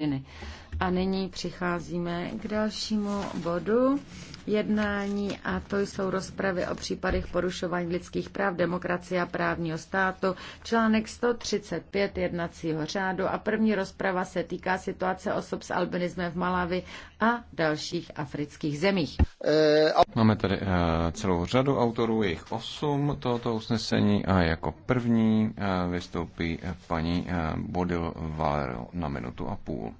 rodiny. A nyní přicházíme k dalšímu bodu jednání a to jsou rozpravy o případech porušování lidských práv, demokracie a právního státu, článek 135 jednacího řádu a první rozprava se týká situace osob s albinismem v Malavi a dalších afrických zemích. Máme tady eh, celou řadu autorů, jejich osm tohoto usnesení a jako první eh, vystoupí paní eh, Bodil Valero na minutu a půl.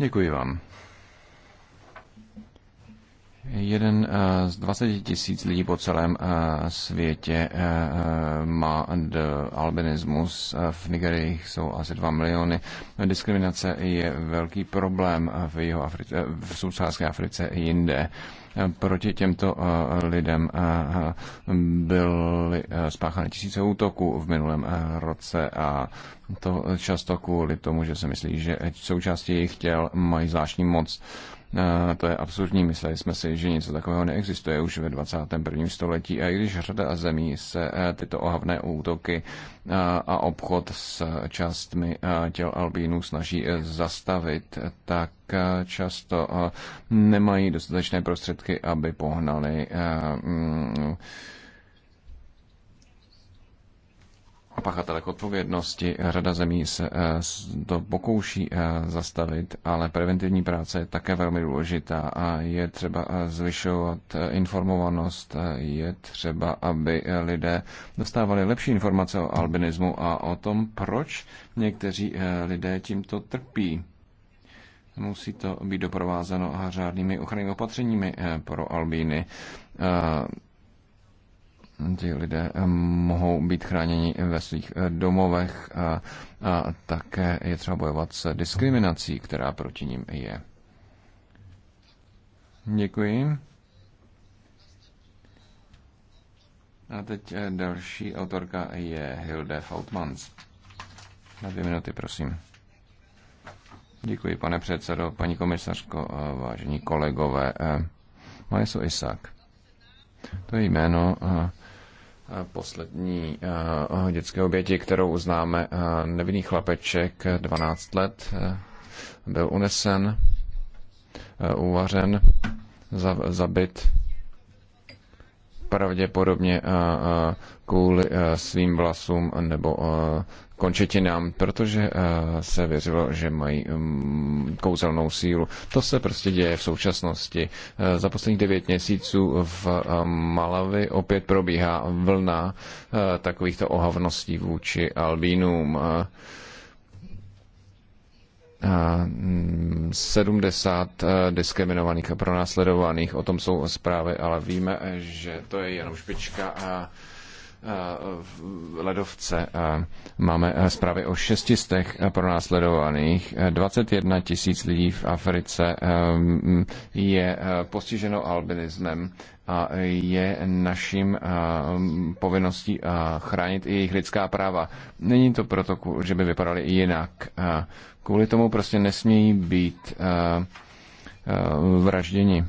Děkuji vám. Jeden eh, z 20 tisíc lidí po celém eh, světě eh, má albinismus. V Nigerii jsou asi 2 miliony. Diskriminace je velký problém v, jeho Africe, v subsaharské Africe i jinde proti těmto eh, lidem eh, byly eh, spáchány tisíce útoků v minulém roce a to často kvůli tomu, že se myslí, že součástí jejich těl mají zvláštní moc. To je absurdní. Mysleli jsme si, že něco takového neexistuje už ve 21. století. A i když řada zemí se tyto ohavné útoky a obchod s částmi těl albínů snaží zastavit, tak Eh, často eh, nemají dostatečné prostředky, aby pohnali a eh, mm, pachatele k odpovědnosti. Řada zemí se to pokouší zastavit, ale preventivní práce je také velmi důležitá a je třeba zvyšovat informovanost, je třeba, aby lidé dostávali lepší informace o albinismu a o tom, proč někteří lidé tímto trpí. Musí to být doprovázeno řádnými ochrannými opatřeními eh, pro Albíny eh, ty lidé eh, mohou být chráněni ve svých domovech a, a také je třeba bojovat s diskriminací, která proti ním je. Děkuji. A teď další autorka je Hilde Fautmans. Na dvě minuty, prosím. Děkuji, pane předsedo, paní komisařko, eh, vážení kolegové. Eh, jsou Isak. To je jméno eh, poslední dětské oběti, kterou známe. Nevinný chlapeček, 12 let, byl unesen, uvařen, zabit pravděpodobně kvůli svým vlasům nebo končetinám, protože eh, se věřilo, že mají mm, kouzelnou sílu. To se prostě děje v současnosti. Eh, za posledních devět měsíců v eh, Malavi opět probíhá vlna takovýchto ohavností vůči albínům. 70 diskriminovaných a pronásledovaných. O tom jsou zprávy, ale víme, že to je jenom špička a ledovce. Máme zprávy o šestistech pronásledovaných. 21 tisíc lidí v Africe ehm, je eh, postiženo albinismem a je naším ehm, povinností eh, chránit i jejich lidská práva. Není to proto, že by vypadaly jinak. Kvůli tomu prostě nesmějí být eh, vražděni.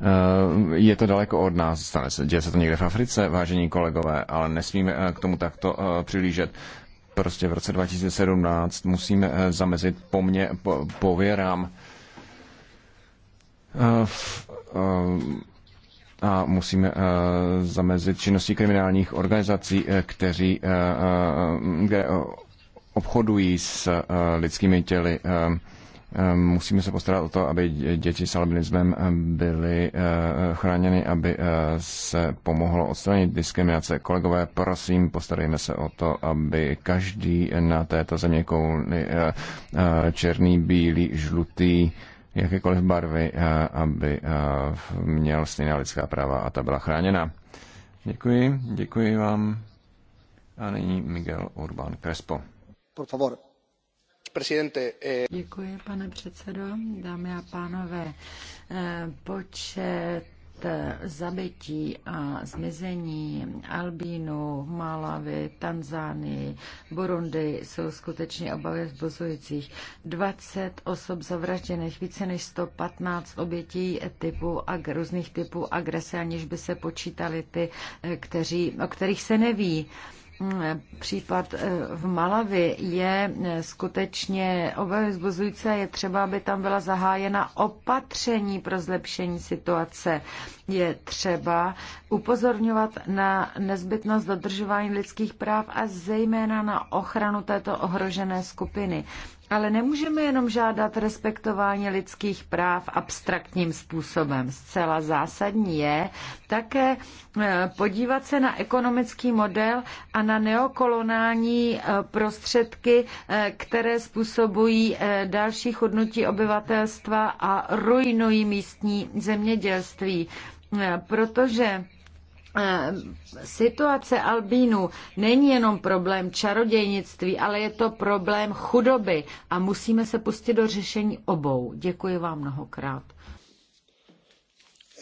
Eh, je to daleko od nás, stane se, děje se to někde v Africe, vážení kolegové, ale nesmíme eh, k tomu takto eh, přilížet prostě v roce 2017 musíme zamezit mně po, pověrám a musíme zamezit činnosti kriminálních organizací, kteří kde obchodují s lidskými těly Ehm, musíme se postarat o to, aby děti s albinismem ehm, byly eh, chráněny, aby eh, se pomohlo odstranit diskriminace. Kolegové, prosím, postarejme se o to, aby každý na této země kouli eh, černý, bílý, žlutý, jakékoliv barvy, aby měl stejná lidská práva a ta byla chráněna. Děkuji, děkuji vám. A nyní Miguel Urbán Crespo. Por favor. Eh, Děkuji, pane předsedo, dámy a pánové. Eh, počet eh, zabití a zmizení Albínu, Malavy, Tanzánii, Burundi jsou skutečně obavy vzbuzujících. 20 osob zavražděných, více než 115 obětí typu, ag, různých typů agrese, aniž by se počítali ty, kteří, o kterých se neví případ eh, v Malavi je eh, skutečně obavy zbuzující a je třeba, aby tam byla zahájena opatření pro zlepšení situace. Je třeba upozorňovat na nezbytnost dodržování lidských práv a zejména na ochranu této ohrožené skupiny. Ale nemůžeme jenom žádat respektování lidských práv abstraktním způsobem. Zcela zásadní je také eh, podívat se na ekonomický model a na neokolonální eh, prostředky, eh, které způsobují další chudnutí obyvatelstva a ruinují místní zemědělství. Protože Eh, situace Albínů není jenom problém čarodějnictví, ale je to problém chudoby a musíme se pustit do řešení obou. Děkuji vám mnohokrát.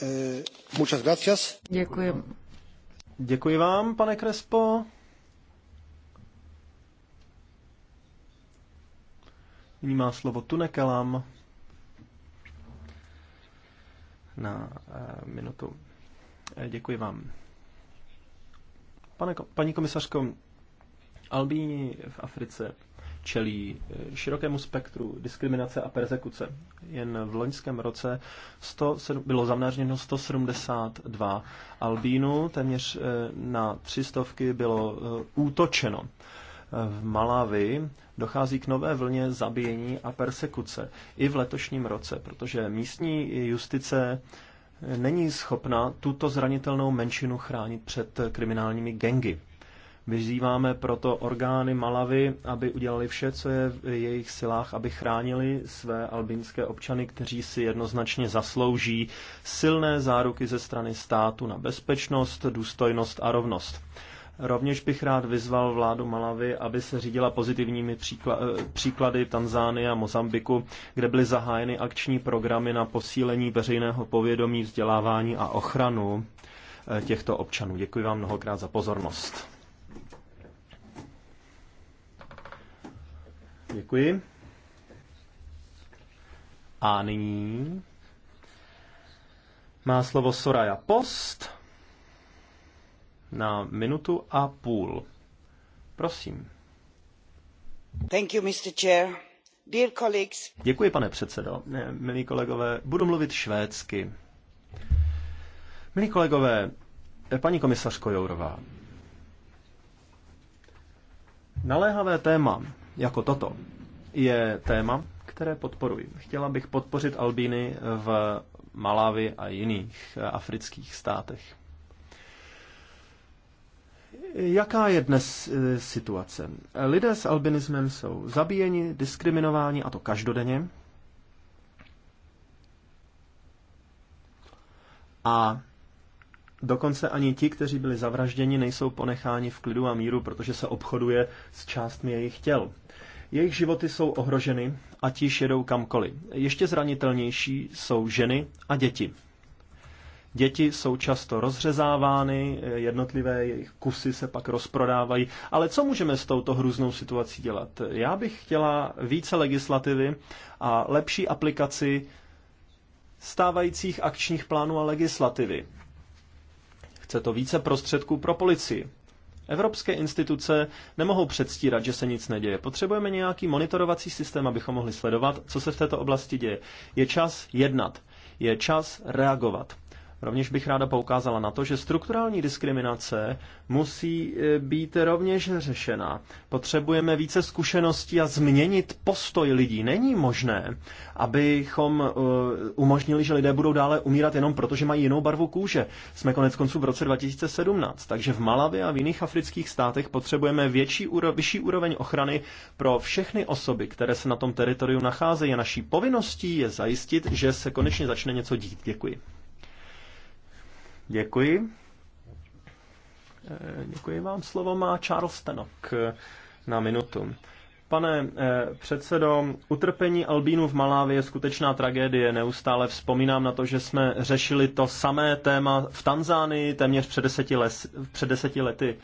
Eh, muchas gracias. Děkuji. Děkuji vám, pane Krespo. Nyní má slovo Tunekelam na eh, minutu. Eh, děkuji vám. Pane, paní komisařko, Albíni v Africe čelí eh, širokému spektru diskriminace a persekuce. Jen v loňském roce 100, bylo zamnážněno 172 Albínů, téměř eh, na stovky bylo útočeno. V Malavi dochází k nové vlně zabíjení a persekuce i v letošním roce, protože místní justice není schopna tuto zranitelnou menšinu chránit před kriminálními gengy. Vyzýváme proto orgány Malavy, aby udělali vše, co je v jejich silách, aby chránili své albínské občany, kteří si jednoznačně zaslouží silné záruky ze strany státu na bezpečnost, důstojnost a rovnost. Rovněž bych rád vyzval vládu Malavy, aby se řídila pozitivními eh, příklady Tanzánie a Mozambiku, kde byly zahájeny akční programy na posílení veřejného povědomí, vzdělávání a ochranu eh, těchto občanů. Děkuji vám mnohokrát za pozornost. Děkuji. A nyní má slovo Soraya Post na minutu a půl. Prosím. Thank you, Mr. Chair. Dear colleagues. Děkuji, pane předsedo. Milí kolegové, budu mluvit švédsky. Milí kolegové, paní komisařko Jourová, naléhavé téma jako toto je téma, které podporuji. Chtěla bych podpořit Albíny v Malávi a jiných eh, afrických státech. Jaká je dnes e, situace? Lidé s albinismem jsou zabíjeni, diskriminováni, a to každodenně. A dokonce ani ti, kteří byli zavražděni, nejsou ponecháni v klidu a míru, protože se obchoduje s částmi jejich těl. Jejich životy jsou ohroženy, a již jedou kamkoliv. Ještě zranitelnější jsou ženy a děti. Děti jsou často rozřezávány, jednotlivé jejich kusy se pak rozprodávají. Ale co můžeme s touto hrůznou situací dělat? Já bych chtěla více legislativy a lepší aplikaci stávajících akčních plánů a legislativy. Chce to více prostředků pro policii. Evropské instituce nemohou předstírat, že se nic neděje. Potřebujeme nějaký monitorovací systém, abychom mohli sledovat, co se v této oblasti děje. Je čas jednat. Je čas reagovat. Rovněž bych ráda poukázala na to, že strukturální diskriminace musí e, být rovněž řešena. Potřebujeme více zkušeností a změnit postoj lidí. Není možné, abychom e, umožnili, že lidé budou dále umírat jenom proto, že mají jinou barvu kůže. Jsme konec konců v roce 2017, takže v Malavě a v jiných afrických státech potřebujeme větší úro, vyšší úroveň ochrany pro všechny osoby, které se na tom teritoriu nacházejí. naší povinností je zajistit, že se konečně začne něco dít. Děkuji. Děkuji. E, děkuji vám. Slovo má Charles Tenok na minutu. Pane eh, předsedo, utrpení Albínu v Malávě je skutečná tragédie. Neustále vzpomínám na to, že jsme řešili to samé téma v Tanzánii téměř před deseti, les, před deseti lety.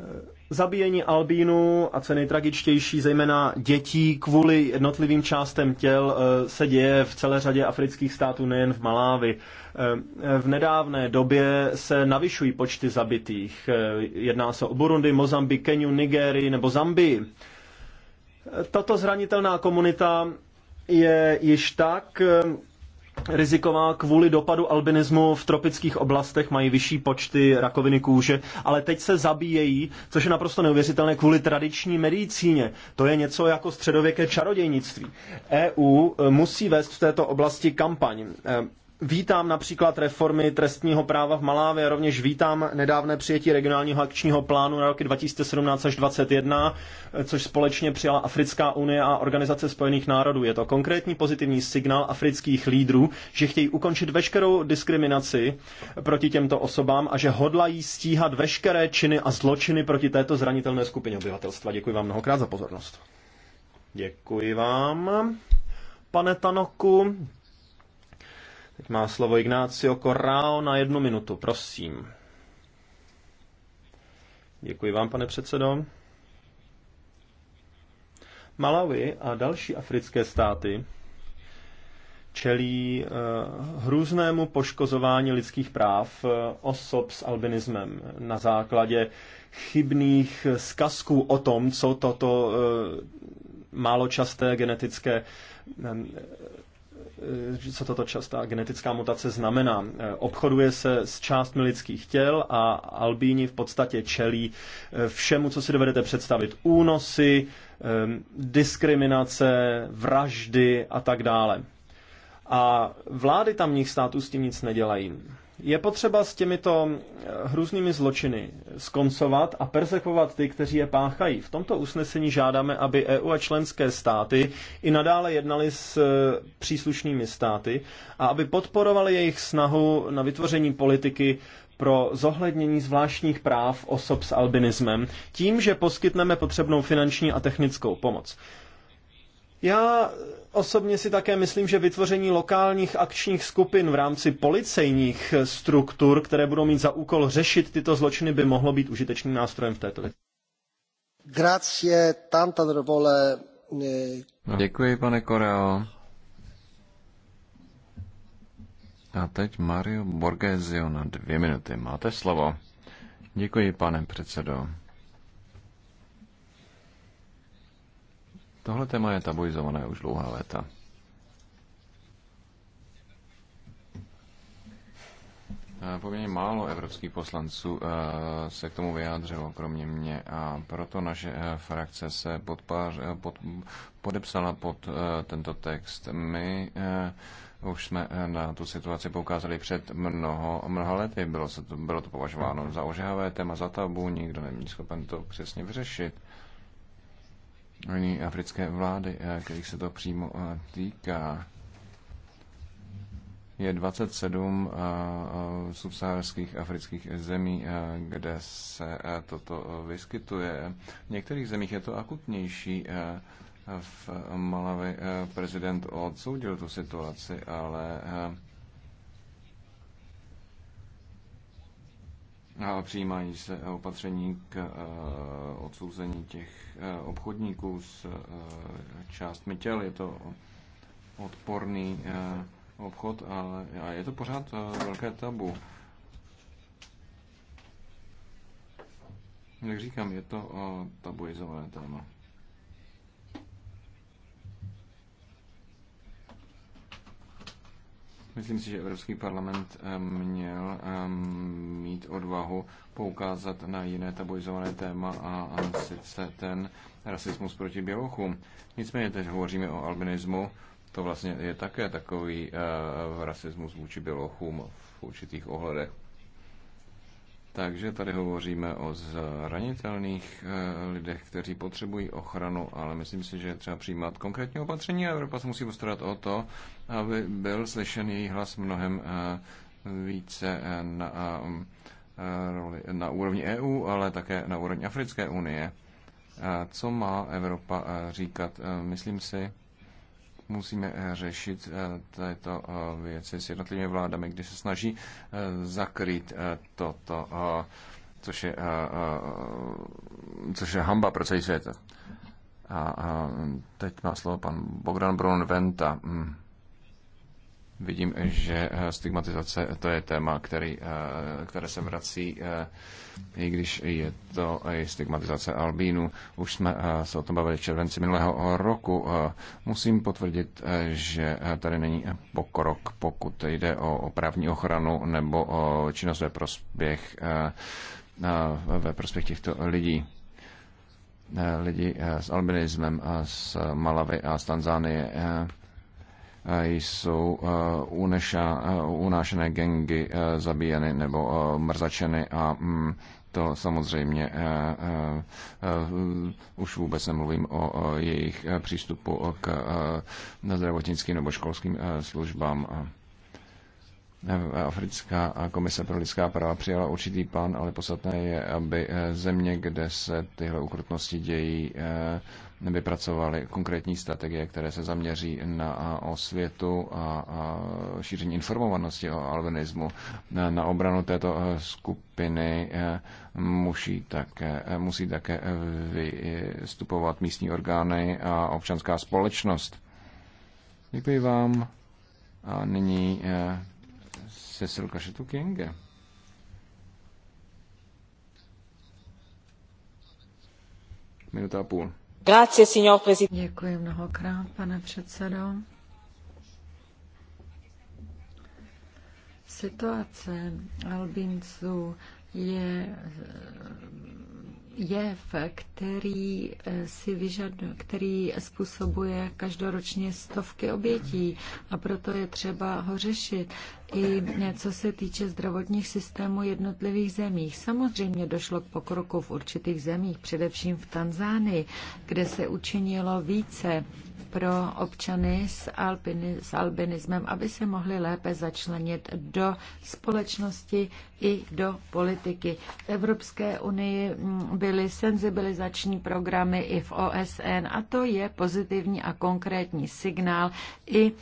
E, Zabíjení albínů a co nejtragičtější, zejména dětí kvůli jednotlivým částem těl eh, se děje v celé řadě afrických států, nejen v Malávi. Eh, v nedávné době se navyšují počty zabitých. Eh, jedná se o Burundi, Mozambik, Keniu, Nigérii nebo Zambii. Tato zranitelná komunita je již tak riziková kvůli dopadu albinismu v tropických oblastech, mají vyšší počty rakoviny kůže, ale teď se zabíjejí, což je naprosto neuvěřitelné, kvůli tradiční medicíně. To je něco jako středověké čarodějnictví. EU e, musí vést v této oblasti kampaň. E, Vítám například reformy trestního práva v Malávě, rovněž vítám nedávné přijetí regionálního akčního plánu na roky 2017 až 2021, což společně přijala Africká unie a Organizace spojených národů. Je to konkrétní pozitivní signál afrických lídrů, že chtějí ukončit veškerou diskriminaci proti těmto osobám a že hodlají stíhat veškeré činy a zločiny proti této zranitelné skupině obyvatelstva. Děkuji vám mnohokrát za pozornost. Děkuji vám, pane Tanoku. Teď má slovo Ignácio Corrao na jednu minutu, prosím. Děkuji vám, pane předsedo. Malawi a další africké státy čelí eh, hrůznému poškozování lidských práv eh, osob s albinismem na základě chybných zkazků o tom, co toto eh, málo časté genetické E, co tato častá genetická mutace znamená. E, obchoduje se s částmi lidských těl a albíni v podstatě čelí e, všemu, co si dovedete představit. Únosy, diskriminace, vraždy a tak dále. A vlády tamních států s tím nic nedělají. Je potřeba s těmito hrůznými zločiny skoncovat a persekovat ty, kteří je páchají. V tomto usnesení žádáme, aby EU a členské státy i nadále jednali s e, příslušnými státy a aby podporovali jejich snahu na vytvoření politiky pro zohlednění zvláštních práv osob s albinismem tím, že poskytneme potřebnou finanční a technickou pomoc. Já Osobně si také myslím, že vytvoření lokálních akčních skupin v rámci policejních struktur, které budou mít za úkol řešit tyto zločiny, by mohlo být užitečným nástrojem v této věci. Grazie, tanta drbole. Eh, no. děkuji, pane Koreo. A teď Mario Borgesio na dvě minuty. Máte slovo. Děkuji, pane předsedo. Tohle téma je tabuizované už dlouhá léta. Eh, poměrně málo evropských poslanců eh, se k tomu vyjádřilo, kromě mě, a proto naše eh, frakce se podpář, pod, podepsala pod tento text. My už jsme na tu situaci poukázali před mnoho, mnoha lety. Bylo, se to, bylo to považováno za ožehavé téma, za tabu, nikdo není schopen to přesně vyřešit. Oni africké vlády, eh, kterých se to přímo eh, týká. Je 27 eh, subsaharských afrických zemí, kde se toto vyskytuje. V některých zemích je to akutnější. V Malavi prezident odsoudil tu situaci, ale A přijímají se eh, opatření k eh, odsouzení těch eh, obchodníků s částmi těl. Je to odporný obchod, ale a je to pořád velké tabu. Jak říkám, je to tabuizované téma. Myslím si, že Evropský parlament eh, měl eh, mít odvahu poukázat na jiné tabuizované téma a sice ten rasismus proti bělochům. Nicméně teď hovoříme o albinismu. To vlastně je také takový eh, rasismus vůči bělochům v určitých ohledech. Takže tady hovoříme o zranitelných eh, lidech, kteří potřebují ochranu, ale myslím si, že je třeba přijímat konkrétní opatření a Evropa se musí postarat o to, aby byl slyšen její hlas mnohem eh, více eh, na, na úrovni EU, ale také na úrovni Africké unie. Co má Evropa říkat? Myslím si, musíme eh, řešit eh, této eh, věci s jednotlivými vládami, když se snaží zakrýt toto, což je, což je hamba pro celý svět. A teď má slovo pan Bogdan Brunventa. Venta. Mm. Vidím, že eh, stigmatizace to je téma, který, eh, které se vrací, eh, i když je to i stigmatizace albínu. Už jsme se o tom bavili v červenci minulého roku. Musím potvrdit, že tady není pokrok, pokud jde o právní ochranu nebo o činnost ve prospěch, ve prospěch těchto lidí lidi s albinismem z Malavy a z Tanzánie jsou uh, uh, unášené gengy uh, zabíjeny nebo mrzačeny a mm, to samozřejmě už vůbec nemluvím o jejich přístupu k zdravotnickým nebo školským službám. Eh, Africká komise pro lidská práva přijala určitý plán, ale podstatné je, aby eh, země, kde se tyhle ukrutnosti dějí, eh, vypracovaly konkrétní strategie, které se zaměří na osvětu a šíření informovanosti o albinismu. Na obranu této skupiny musí také, musí také vystupovat místní orgány a občanská společnost. Děkuji vám. A nyní Cecil Kašetu Kienge. Minuta a půl. Grazie, signor presidente. Děkuji mnohokrát, pane předsedo. Situace Albínců je jev, který eh, si vyžaduje, který způsobuje každoročně stovky obětí a proto je třeba ho řešit i eh, co se týče zdravotních systémů jednotlivých zemích. Samozřejmě došlo k pokroku v určitých zemích, především v Tanzánii, kde se učinilo více pro občany s, albini, s albinismem, aby se mohli lépe začlenit do společnosti i do politiky. V Evropské unii mm, byly senzibilizační programy i v OSN a to je pozitivní a konkrétní signál i e,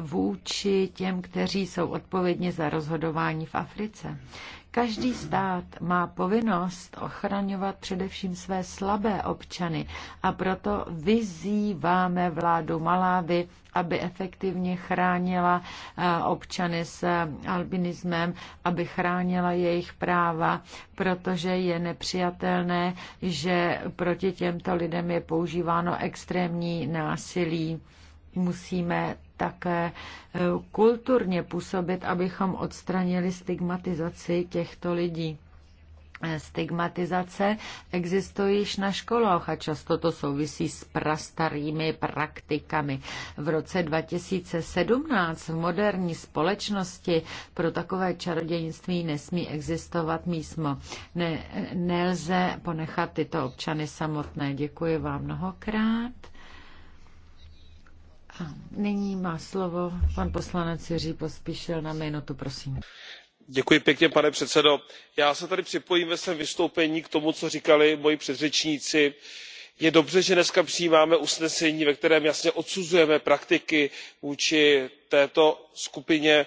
vůči těm, kteří jsou odpovědně za rozhodování v Africe. Každý stát má povinnost ochraňovat především své slabé občany a proto vyzýváme vládu Malávy, aby efektivně chránila eh, občany s eh, albinismem, aby chránila jejich práva, protože je nepřijatelné, že proti těmto lidem je používáno extrémní násilí musíme také eh, kulturně působit, abychom odstranili stigmatizaci těchto lidí. Eh, stigmatizace existuje již na školách a často to souvisí s prastarými praktikami. V roce 2017 v moderní společnosti pro takové čarodějnictví nesmí existovat mísmo. Ne, nelze ponechat tyto občany samotné. Děkuji vám mnohokrát. A nyní má slovo pan poslanec Jiří Pospíšil na minutu, prosím. Děkuji pěkně, pane předsedo. Já se tady připojím ve svém vystoupení k tomu, co říkali moji předřečníci. Je dobře, že dneska přijímáme usnesení, ve kterém jasně odsuzujeme praktiky vůči této skupině e,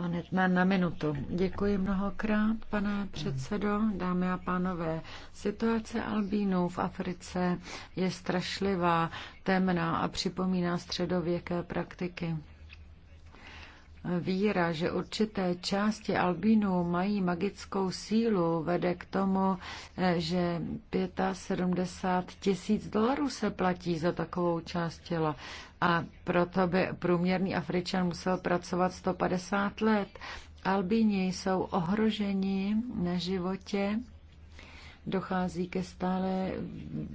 Pan na, na minutu. Děkuji mnohokrát, pane předsedo, dámy a pánové. Situace albínů v Africe je strašlivá, temná a připomíná středověké praktiky víra, že určité části albínů mají magickou sílu, vede k tomu, že 75 tisíc dolarů se platí za takovou část těla. A proto by průměrný Afričan musel pracovat 150 let. Albíni jsou ohroženi na životě dochází ke stále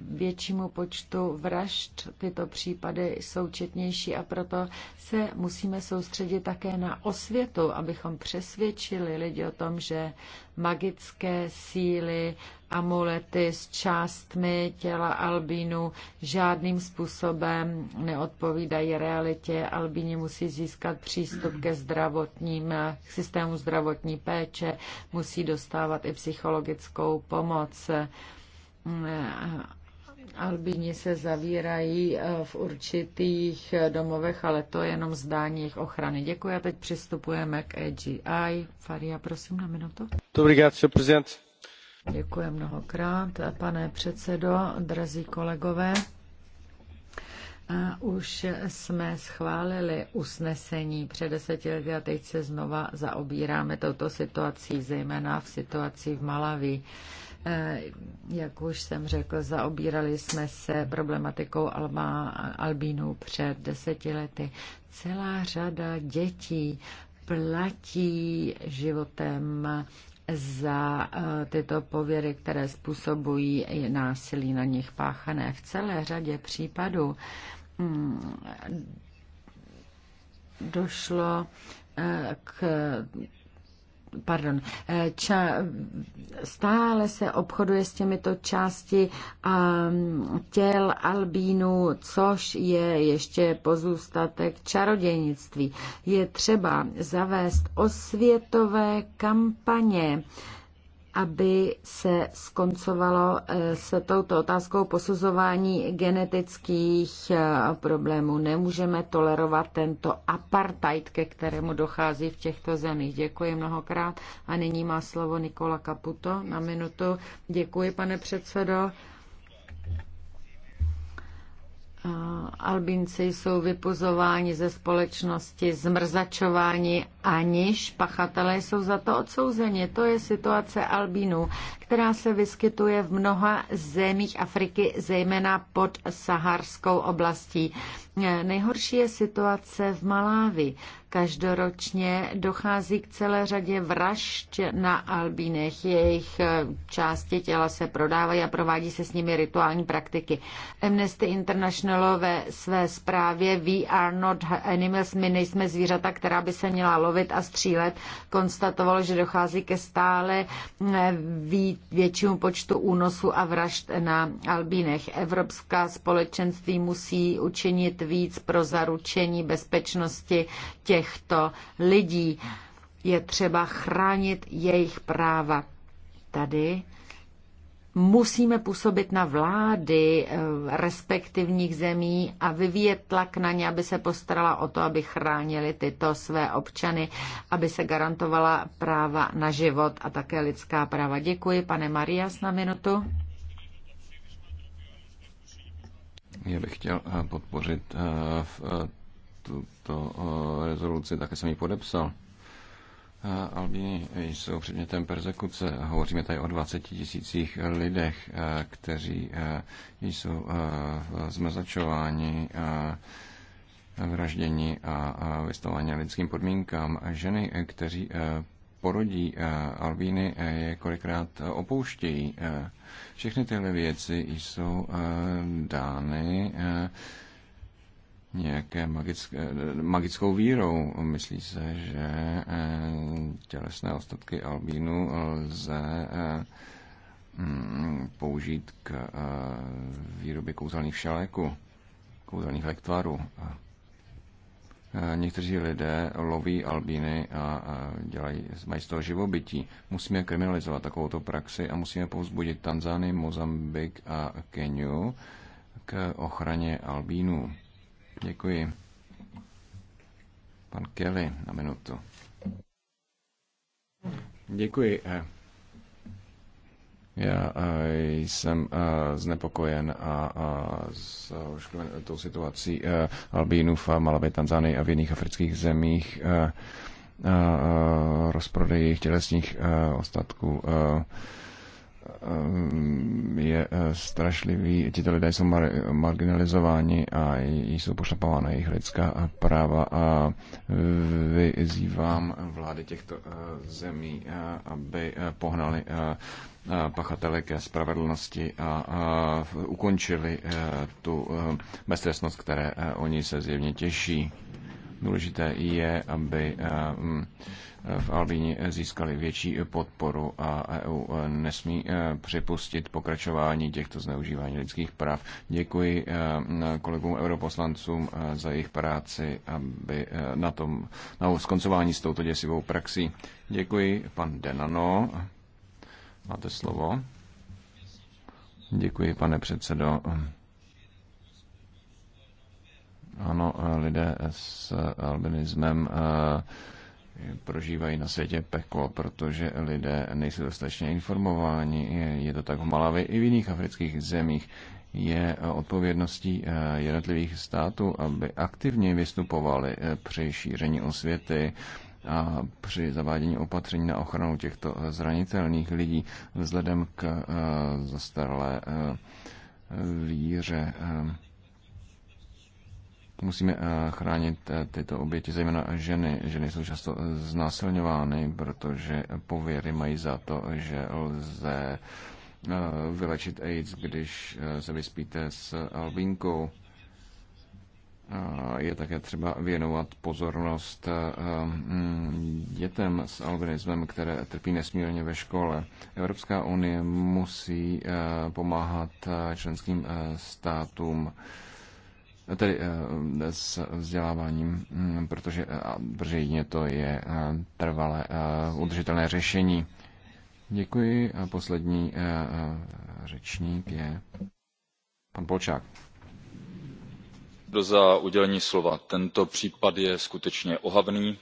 většímu počtu vražd. Tyto případy jsou četnější a proto se musíme soustředit také na osvětu, abychom přesvědčili lidi o tom, že magické síly amulety s částmi těla Albínu žádným způsobem neodpovídají realitě. Albíni musí získat přístup ke zdravotním, k systému zdravotní péče, musí dostávat i psychologickou pomoc. Albíni se zavírají eh, v určitých eh, domovech, ale to je jenom zdání jejich ochrany. Děkuji a teď přistupujeme k AGI. Faria, prosím na minutu. Dobrý den, prezident. Děkuji mnohokrát, pane předsedo, drazí kolegové. A už jsme schválili usnesení před deseti lety a teď se znova zaobíráme touto situací, zejména v situaci v Malaví. E, jak už jsem řekl, zaobírali jsme se problematikou Alba, Albínu před deseti lety. Celá řada dětí platí životem za eh, tyto pověry, které způsobují násilí na nich páchané. V celé řadě případů mm, došlo eh, k pardon, ča, stále se obchoduje s těmito části um, těl albínu, což je ještě pozůstatek čarodějnictví. Je třeba zavést osvětové kampaně, uh, aby se skoncovalo eh, s touto otázkou posuzování genetických eh, problémů. Nemůžeme tolerovat tento apartheid, ke kterému dochází v těchto zemích. Děkuji mnohokrát a nyní má slovo Nikola Kaputo na minutu. Děkuji, pane předsedo. Albínci jsou vypuzováni ze společnosti, zmrzačováni, aniž pachatelé jsou za to odsouzeni. To je situace Albínů, která se vyskytuje v mnoha zemích Afriky, zejména pod saharskou oblastí. Nejhorší je situace v Malávi. Každoročně dochází k celé řadě vražd na albínech. Jejich eh, části těla se prodávají a provádí se s nimi rituální praktiky. Amnesty International ve své zprávě We are not animals, my nejsme zvířata, která by se měla lovit a střílet, konstatovalo, že dochází ke stále eh, většímu počtu únosů a vražd na albínech. Evropská společenství musí učinit víc pro zaručení bezpečnosti těchto lidí. Je třeba chránit jejich práva. Tady musíme působit na vlády eh, respektivních zemí a vyvíjet tlak na ně, aby se postarala o to, aby chránili tyto své občany, aby se garantovala práva na život a také lidská práva. Děkuji, pane Marias, na minutu. Já bych chtěl eh, podpořit eh, v eh, tuto rezoluci, také jsem ji podepsal. Albíni jsou předmětem persekuce. Hovoříme tady o 20 tisících lidech, kteří jsou zmrzačováni, vraždění a vystavování lidským podmínkám. Ženy, kteří porodí eh, Albíny eh, je kolikrát eh, opouštějí. Všechny tyhle věci jsou dány nějaké magické, magickou vírou. Myslí se, že tělesné ostatky albínu lze hm, použít k výrobě kouzelných šaléků, kouzelných lektvarů. Eh, někteří lidé loví albíny a dělají, mají z toho živobytí. Musíme kriminalizovat takovouto praxi a musíme povzbudit Tanzány, Mozambik a Keniu k ochraně albínů. Děkuji. Pan Kelly na minutu. Děkuji. Eh. Já eh, jsem eh, znepokojen a, a s eh, tou situací Albínů v Malavě, Tanzánii a v jiných afrických zemích rozprodej jejich tělesných ostatků Um, je eh, strašlivý. Tito lidé jsou mar- marginalizováni a jsou pošlapována jejich lidská práva a vyzývám vlády těchto eh, zemí, eh, aby pohnali pachatele ke spravedlnosti a ukončili tu beztrestnost, které oni se zjevně těší. Důležité je, aby v Albíni získali větší podporu a EU nesmí eh, připustit pokračování těchto zneužívání lidských práv. Děkuji eh, kolegům europoslancům eh, za jejich práci aby na tom na skoncování s touto děsivou praxí. Děkuji, pan Denano. Máte slovo. Děkuji, pane předsedo. Ano, lidé s albinismem prožívají na světě peklo, protože lidé nejsou dostatečně informováni. Je to tak v Malavě i v jiných afrických zemích. Je odpovědností eh, jednotlivých států, aby aktivně vystupovali eh, při šíření osvěty a při zavádění opatření na ochranu těchto eh, zranitelných lidí vzhledem k zastaralé víře Musíme eh, chránit eh, tyto oběti, zejména ženy. Ženy jsou často znásilňovány, protože pověry mají za to, že lze eh, vylečit AIDS, když se vyspíte s albínkou. Je také třeba věnovat pozornost mm, dětem s albinismem, které trpí nesmírně ve škole. Evropská unie musí pomáhat členským státům tedy eh, s vzděláváním, mm, protože, eh, protože jedině to je eh, trvalé udržitelné řešení. Děkuji a poslední řečník je pan Polčák. Za udělení slova. Tento případ je skutečně ohavný,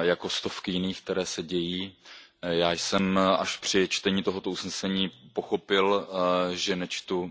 jako stovky jiných, které se dějí já jsem až při čtení tohoto usnesení pochopil že nečtu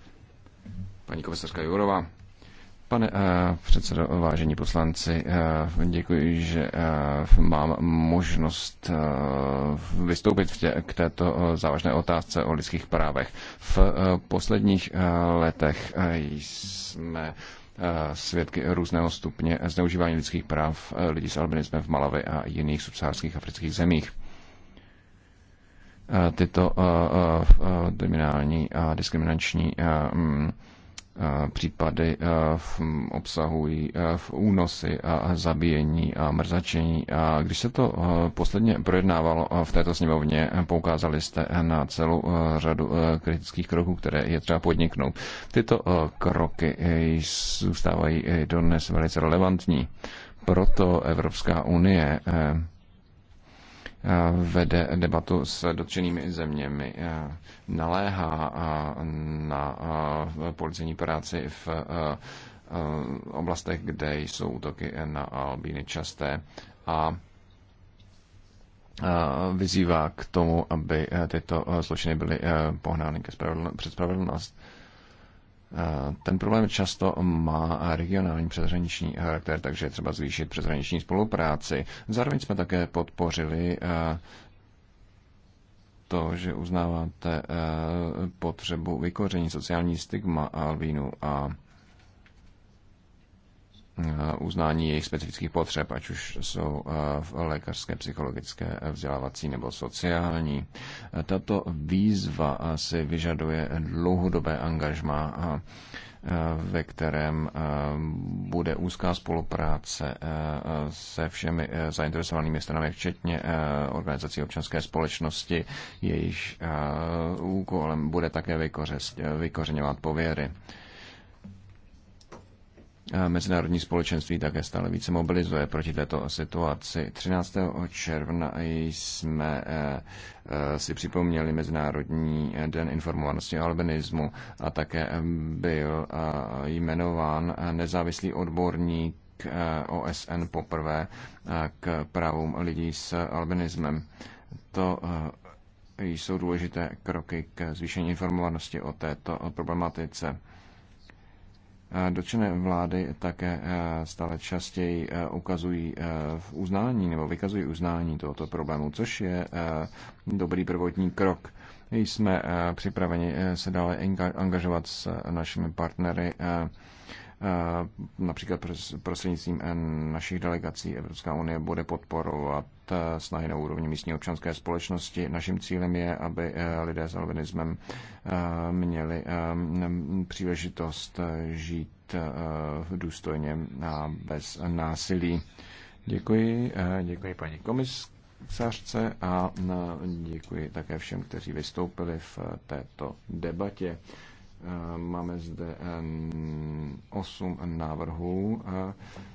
paní komisařka Jurová. Pane uh, předsedo, vážení poslanci, uh, děkuji, že uh, mám možnost uh, vystoupit v tě, k této uh, závažné otázce o lidských právech. V uh, posledních uh, letech uh, jsme svědky různého stupně zneužívání lidských práv lidí s albinismem v Malavi a jiných subsaharských afrických zemích tyto dominální a diskriminační mm, případy obsahují v únosy a zabíjení a mrzačení. A když se to posledně projednávalo v této sněmovně, poukázali jste na celou řadu kritických kroků, které je třeba podniknout. Tyto kroky zůstávají dodnes velice relevantní. Proto Evropská unie Eh, vede debatu s dotčenými zeměmi, eh, naléhá eh, na policejní práci v oblastech, kde jsou útoky na albíny časté a vyzývá k tomu, aby tyto zločiny byly pohnány ke před spravedlnost. Ten problém často má regionální přeshraniční charakter, takže je třeba zvýšit přeshraniční spolupráci. Zároveň jsme také podpořili eh, to, že uznáváte eh, potřebu vykoření sociální stigma vínu a Eh, uznání jejich specifických potřeb, ať už jsou eh, v lékařské, psychologické, eh, vzdělávací nebo sociální. Tato výzva si vyžaduje dlouhodobé angažma, ve kterém bude úzká spolupráce se všemi zainteresovanými stranami, včetně organizací občanské společnosti, jejíž úkolem bude také vykořeňovat pověry mezinárodní společenství také stále více mobilizuje proti této situaci. 13. června jsme eh, eh, si připomněli Mezinárodní den informovanosti o albinismu a také eh, byl jmenován nezávislý odborník OSN poprvé k právům lidí s albinismem. To jsou důležité kroky k zvýšení informovanosti o této problematice. Dočené vlády také e, stále častěji e, ukazují e, v uznání nebo vykazují uznání tohoto problému, což je dobrý prvotní krok. Jsme připraveni se dále angažovat s našimi partnery Eh, například prostřednictvím eh, našich delegací Evropská unie bude podporovat eh, snahy na úrovni místní občanské společnosti. Naším cílem je, aby lidé s albinismem měli příležitost žít důstojně a bez násilí. Děkuji, děkuji paní sářce a děkuji také všem, kteří vystoupili v této debatě. Máme zde eh, osm návrhů eh,